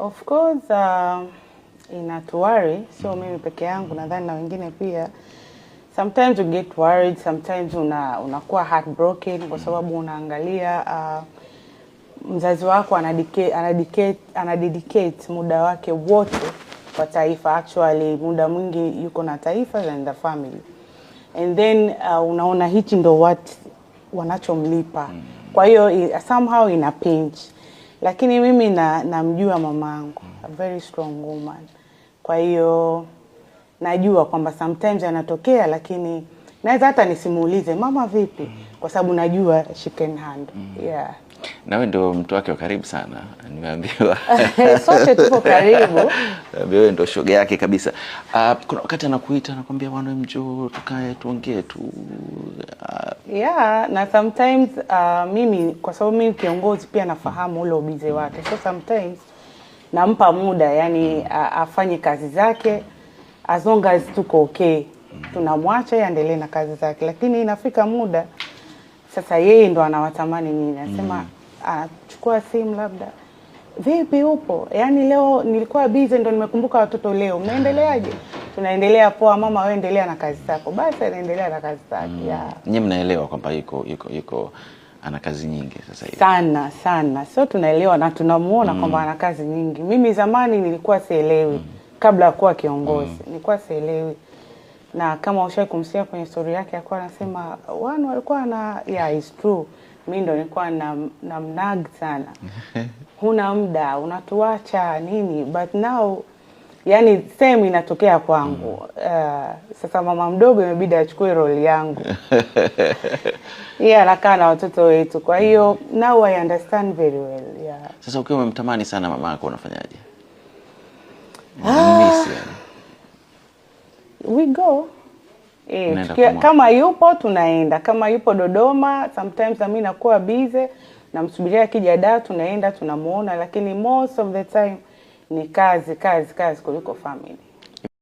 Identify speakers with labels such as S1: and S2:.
S1: Of course uh, inatuwari sio mimi peke yangu, nadhani na wengine pia. Sometimes you get worried, sometimes una unakuwa heartbroken kwa sababu unaangalia uh, mzazi wako anadedicate muda wake wote kwa taifa. Actually muda mwingi yuko na taifa and the family, and then uh, unaona hichi ndo what wanachomlipa, mm. kwa hiyo somehow ina pinch lakini mimi na namjua mamangu a very strong woman, kwa hiyo najua kwamba sometimes anatokea, lakini naweza hata nisimuulize mama vipi, kwa sababu najua she can handle. Mm. Yeah
S2: nawe ndio mtu wake wa karibu sana, nimeambiwa
S1: sote tuko karibu,
S2: wewe ndio shoga yake kabisa. Uh, kuna wakati anakuita anakuambia, wana mjoo tukae tuongee tu uh,
S1: yeah, na sometimes uh, mimi kwa sababu mimi kiongozi pia nafahamu ule ubize wake, so sometimes nampa muda yani uh, afanye kazi zake as long as tuko okay tunamwacha yeye aendelee na kazi zake, lakini inafika muda sasa yeye ndo anawatamani nini, anasema mm achukua simu labda, vipi, upo? Yaani leo nilikuwa busy, ndo nimekumbuka watoto leo, mnaendeleaje? Tunaendelea poa mama, wewe endelea na kazi zako. Basi anaendelea na kazi zake mm. yeah.
S2: mnaelewa kwamba yuko yuko yuko ana kazi nyingi sasa hivi
S1: sana sana, sio? Tunaelewa na tunamuona mm. kwamba ana kazi nyingi. Mimi zamani nilikuwa sielewi mm. kabla ya kuwa kiongozi mm. nilikuwa sielewi na kama ushawahi kumsikia kwenye story yake, alikuwa anasema wanu walikuwa na yeah, it's true mi ndo nilikuwa na, na mnag sana mhm. huna muda unatuacha nini, but now yani same inatokea kwangu. Mm. Uh, sasa mama mdogo imebidi achukue roli yangu yeye yeah, anakaa na watoto wetu, kwa hiyo mm. now I understand very well yeah.
S2: Sasa ukiwa umemtamani sana mama yako unafanyaje? Ah,
S1: we go Eh, tukia, kama yupo tunaenda, kama yupo Dodoma sometimes nami nakuwa busy namsubiria akija da, tunaenda tunamuona, lakini most of the time ni kazi kazi kazi kuliko family.